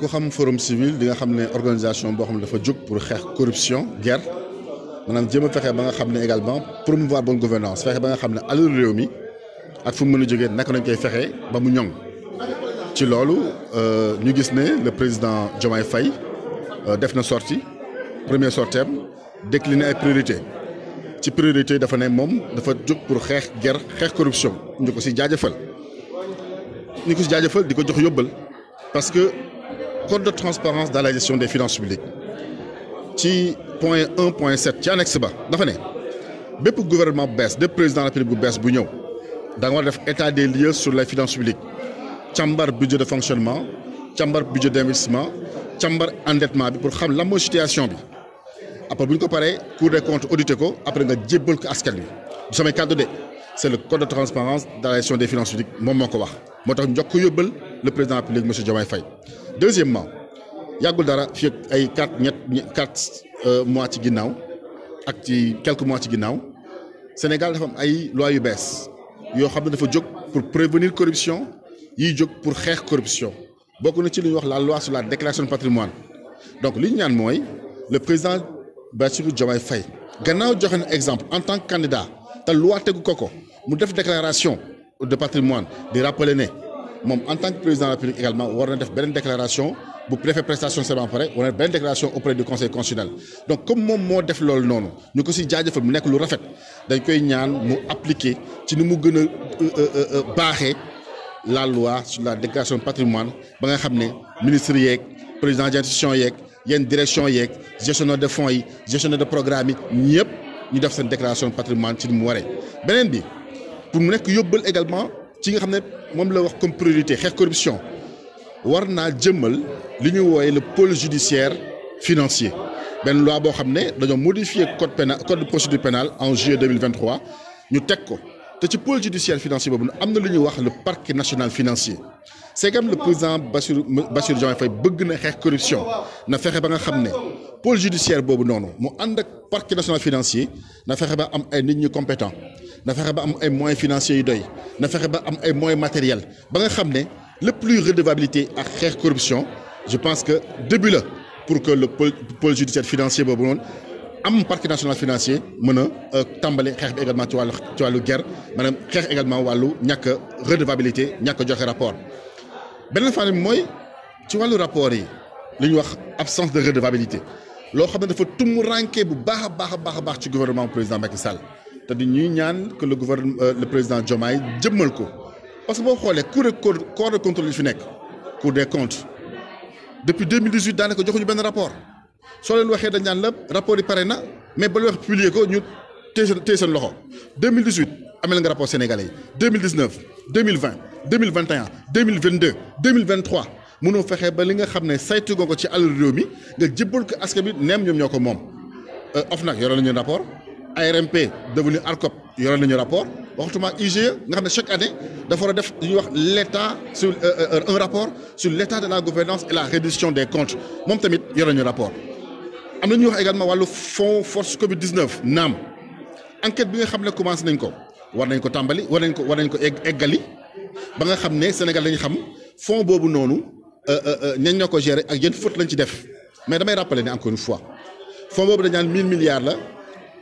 ku xam forum civil di nga organisation boo xam dafa jóg pour xeex corruption guerre maanaam jéem a ba nga xam également promouvoir bonne gouvernance fexe ba nga xam ne alal réew mi ak fu mu mën a jógee naka lañ koy fexe ba mu ñoŋ ci loolu euh, ñu gis ne le président Diomaye Faye euh, def na sortie premier sortiem décliné ay priorité ci priorité dafa ne moom dafa jóg pour xeex guerre xeex corruption ñu ko si jaajëfal ñu ko si jaajëfal di ko jox yóbbal parce que code de transparence dans la gestion des finances publiques ci point 1.7, point 7 ci annexe ba dafa ne gouvernement bu de président de la République bu bees bu ñëw da état des lieux sur les finances publiques càmbar budget de fonctionnement càmbar budget d'investissement càmbar endettement bi pour xam la situation bi après bu ñu ko paree cour des comptes audité ko après nga jébbal ko askan wi du samay kàddu c'est le code de transparence dans la gestion des finances publiques moom moo ko wax moo tax njokk le président de la République monsieur Diomaye Faye deuxièmement il y a 4 quatre euh, mois de ginnaaw quelques mois ci Le Sénégal dafa am ay loi yu Il a xam dafa pour prévenir corruption et pour pour la corruption Il na ci li wax la loi sur la déclaration de patrimoine donc li ñu ñaan le président Bassirou Je Faye gannaaw donner un exemple en tant que candidat la loi de ko ko mu def déclaration de patrimoine de rappeler ne en tant que président de la République également on na def une déclaration bu préfet prestation c'est pare On a une beneen déclaration auprès du conseil constitutionnel donc comme mon mot def loolu noonu ñu ko si jaajëfal mu nekk lu rafet appliquer ci nous mu euh, euh, euh, la loi sur la déclaration de patrimoine ba nga xam ne ministre le président la yeeg la direction le gestionnaire de fonds y gestionnaire de programme y avons ñu def déclaration de patrimoine ci nous mu waree pour mu nekk également ci nga xam ne la wax comme priorité xeex corruption war naa jëmmal li le pôle judiciaire financier benn loi boo xam ne modifier code pénal code de procédure pénale en juillet 2023 ñu teg ko te ci pôle judiciaire financier boobu am na wax le parc national financier C'est comme le président Bassirou Bassirou Diomaye Faye bëgg na xeex corruption na fexe ba nga xam ne pôle judiciaire boobu noonu mu ànd ak parc national financier na fexe ba am ay nit ñu compétent na fexe am ay moyens financiers yu doy na fexe am ay moyens matériels ba nga xam ne luy redevabilité ak xeex corruption je pense que début là pour que le pôle judiciaire financier boobu noonu am parc national financier mën a euh, tàmbale xeex également ci wàllu ci wàllu guerre maanaam xeex également wàllu ñàkk redevabilité ñàkk joxe rapport beneen fànn mooy ci wàllu rapport yi li ñuy wax absence de redevabilité loo xam ne dafa tumm ranke bu baax a baax baax ci gouvernement président Macky Sall te di ñuy ñaan que le gouvernement euh, le président Diomaye jëmmal ko parce que vous xoolee cour de corps de contrôle yi fi nekk cour des comptes depuis 2018 daanaka joxuñu benn rapport soo leen waxee dañ naan la rapport yi pare na mais ba lu wax publier ko ñu nous seen téye loxo 2018 amel rapport sénégalais 2019 2020 2021 2022 2023 nous fexe ba li nga xam ne saytu nga ko ci àll réew mi nga jébbal ko askan bi neem ñoom ñoo ko moom euh, OFNAC rapport. ARMP devenu ARCOP yore nañu rapport waxtuma IGE nga xam chaque année il war a def wax sur euh, euh, un rapport sur l'état de la gouvernance et la réduction des comptes moom tamit yore nañu rapport. am na wax également le fonds force Covid 19 NAM. enquête bi nga xam ne commencé nañ ko war nañ ko tàmbali war nañ ko war nañ ko eggali ba nga xam ne Sénégal lañ xam fonds boobu noonu euh, ñañ ñoo ko gérer ak yéen faute lañ ci def mais damay rappeler encore une fois fonds boobu dañ 1000 milliards la.